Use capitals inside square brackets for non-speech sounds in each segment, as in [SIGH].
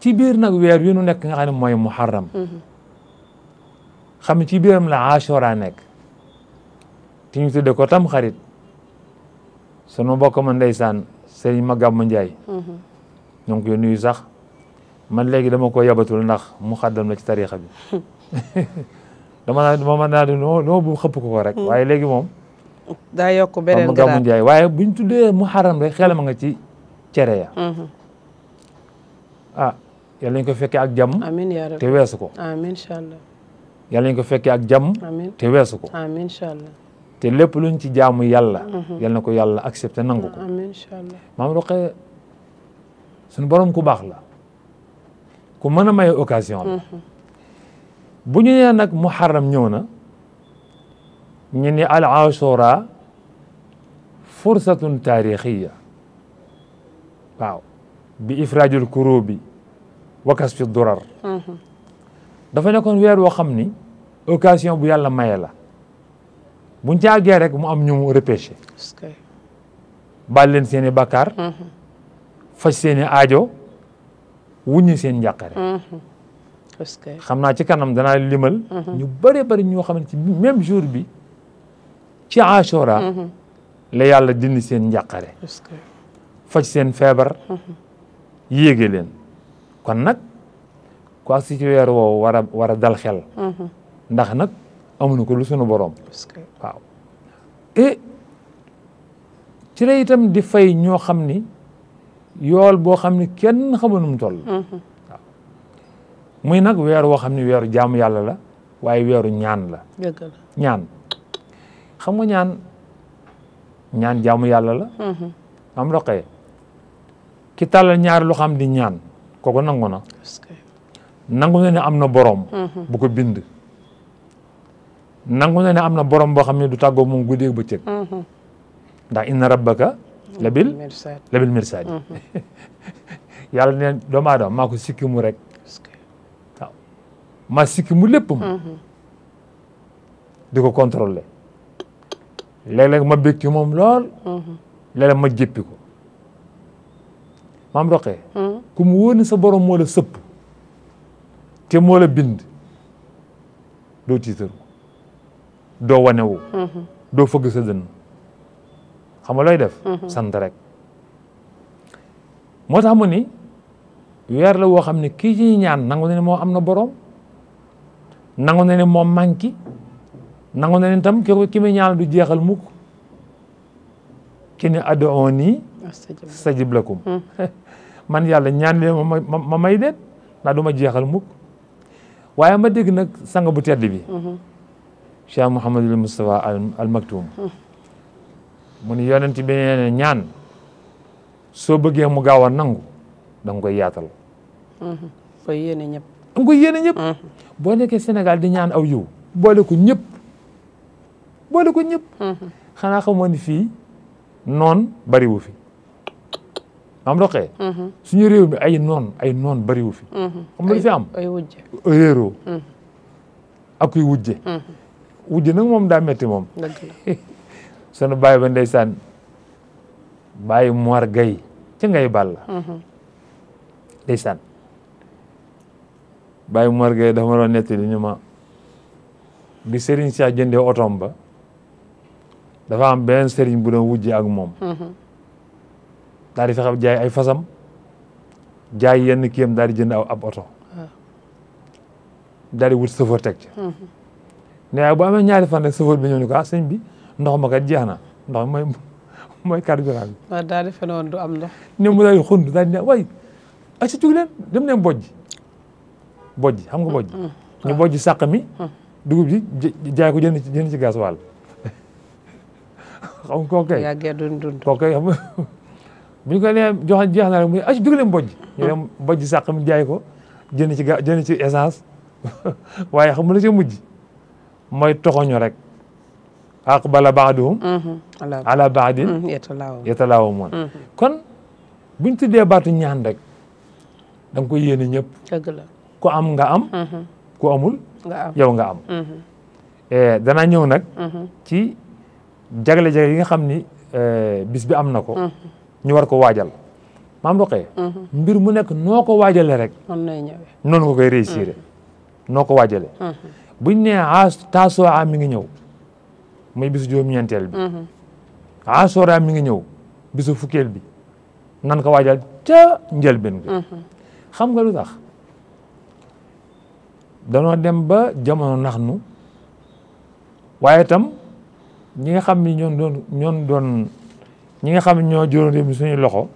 ci biir nag weer wi nu nekk nga xam ne mooy muharram mhm. xam ci biiram la ashura nekk ti ñu tudde ko tam xarit sunu mbokk ma ndeysaan sëriñ ma gàmm Njaay ñoo ngi koy nuyu sax man léegi dama ko yabatul ndax mu xaddam la ci tarixa bi [LAUGHS] dama naa ma naa no no bu xëpp ko ko rek mhm. waaye léegi moom daa yokk beneen grade gàmmu Njaay waaye buñ tuddee muharram rek xelam nga ci cere ya mhm. ah, yal nañu ko fekkee ak jàmm. amiin te weesu ko. amiin incha allah. yal nañu ko fekkee ak jàmm. te weesu ko. amiin incha te lépp luñ ci jaamu yàlla. Mhm. yal na ko yàlla accepté nangu ko. amiin maam Roqe suñu borom ku baax la ku mën a may occasion la. Mhm. bu ñu nee nag muharram ñëw na ñu ne al ashura fursatun taarixiya waaw bi ifraajul kurubi wakas fi durar mhm. dafa nekkoon weer woo xam ni occasion bu yàlla maye la buñ ci rek mu am ñum mu repêché baal leen seen i bàkkaar mhm. faj seen i aajo wuññi seen njàqare mhm. xam naa ci kanam dana limal ñu bëri bëri ñoo xam ne ci même jour bi ci Ashura la yàlla dindi seen njàqare faj seen feebar yéege kon nag ku si ci weer woowu war a war mhm. nag amuñu ko lu sunu boroom waaw et ci itam di fay ñoo xam ni yool boo xam ni kenn xamu nu mu toll mhm. muy nag weer woo xam ni weeru jaamu yàlla la waaye weeru ñaan la ñaan xam nga ñaan ñaan jaamu yàlla la mhm. am roqee ki tàllal ñaar lu di ñaan kooku nangu na nangu na ne am na borom. Mhm. bu ko bind. nangu na ne am na borom boo xam ne du tàggoo moom guddeeg bëccëg. Mhm. ndax inna rabbaka mhm. labil labil mirsaad [LAUGHS] yàlla ne doomu aadama maa ko sikki mu rek waaw sikki mu lépp ma di ko contrôler léeg-léeg ma bég ci moom lool léeg-léeg ma jéppi ko maam roqee ku mu wóor sa borom moo la sëpp te moo la bind doo tiitaru doo wane wu. Mhm. doo fëgg sa dënn xam nga looy def. Mhm. sant rek moo tax mu ni weer la woo xam ne kii ci ñaan nangu na ne moo am na boroom nangu na ne moo manqué nangu na ne tam ki ki muy ñaan du jeexal mukk ki ne adooni ah, sajib lakum mhm. [LAUGHS] man yàlla ñaan leen ma ma may déet ndax du ma jeexal mukk waaye ma dégg nag sang bu tedd bi mhm. Cheikh Mouhamadul Moustapha al Maktoum mhm. mu ni yonent bi nee na ñaan soo bëggee mu gaaw a nangu da nga koy yaatal mhm. koy yéene boo nekkee Sénégal di ñaan aw yiw boole ko ñëpp boole ko ñëpp xanaa xamoon ni fii noon bariwu fi am doxee. Mhm. suñu réew mi ay noon noon bariwu fi. Mhm. xam nga li fi wujje mhm. wujje. wujje moom daa metti moom. [LAUGHS] sunu baay ba ndeysaan baay Mor Gaye ca ngay baay Mor dafa ma doon nettali ñu ma bi Serigne Sia jëndee otoom ba dafa am benn Serigne bu doon wujje ak moom. daal di jaay ay fasam jaay yenn kiyam daal jënd aw ab oto ah. daal di wut chauffeur teg ci mm-hmm. bu amee ñaari fan rek chauffeur bi ko ah bi ndox ma kat jeex na ndox mooy mooy carburant bi waaw daal di fene woon du am ndox ne mu daal xund daal di ne waay ay si jug leen dem leen bojj nga bojj mm-hmm. ñu bojj sàq mi mm-hmm. dugub ji jaay ko jënd ci jënd ci gasoil [LAUGHS] xam nga [LAUGHS] bu ñu ko nee jox jeex na mu ne ah dugal mbojj. ñu dem ko jënd ci ga jënd ci essence [LAUGHS] waaye xam la ci mujj mooy toxoñu rek. bala baaduhum mhm. ala baadin mhm. yetalaawamoon mhm. kon buñ tuddee baatu ñaan rek da ko yéene ñëpp. dëgg la ku am nga am. ku amul. yow nga am. Eh, danaa ñëw nag. ci jagle-jagle yi nga xam ni eh, bis bi am na ko. ñu war ko waajal maam roqee mhm. mbir mu nekk noo ko waajalee rek noonu nga koy réussir mhm. noo ko waajale mhm. buñ nee taasoo mi ngi ñëw muy bisu juróom-ñeenteel bi asoora mi ngi ñëw bisu fukkeel bi nan ko waajal ca njëlbeen bi xam nga lu tax danoo dem ba jamono nax nu waaye itam ñi nga xam ni ñoon ñoon doon ñi nga xam ñoo juróon réew mi suñu loxo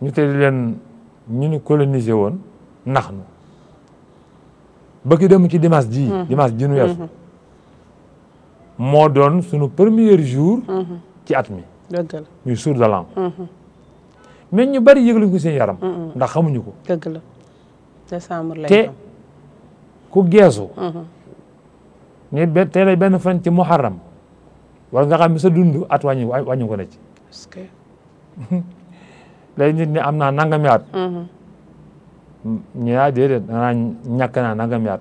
ñu tëdd leen ñu ni colonise woon nax nu bëgg dem ci dimanche mm-hmm. ji dimanche ji nu weesu mm-hmm. moo doon sunu premier jour mm-hmm. ci at mi muy jour de l'an mais ñu bari yëgluñ ko seen yaram ndax xamuñu ko dëgg la décembre lay te ku geesu ni tey benn fan ci muharram wala nga xam ne sa dund at wàññi wàññi ko na ci. est-ce que. [LAUGHS] léegi nit ñi am naa nangam at. Mhm. ñu yaa ah, déedéet danaa ñàkk naa nangami at.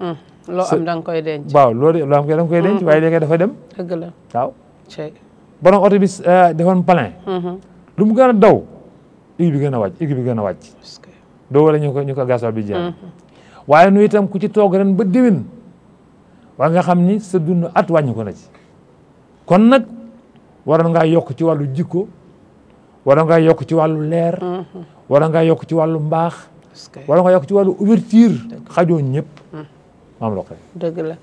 Mhm. loo am da nga waaw loo de loo am da koy denc mhm. waaye léegi dafa dem. dëgg la waaw. borom oto bi euh, defoon lu mu gën a daw aiguille bi gën a wàcc aiguille bi gën a wàcc. doo wala ñu ko ñu ko gasoil bi waaye nu itam ku ci toog ren ba déwén. waa nga xam ni sa dund at wàññi ko na ci kon nag waroon ngaa yokk ci wàllu jikko waroon ngaa yokk ci wàllu leer mm-hmm. waroon ngaa yokk ci wàllu mbaax waroon ngaa yokk ci wàllu ouverture xajoo ñëpp mm. maam lo dëgg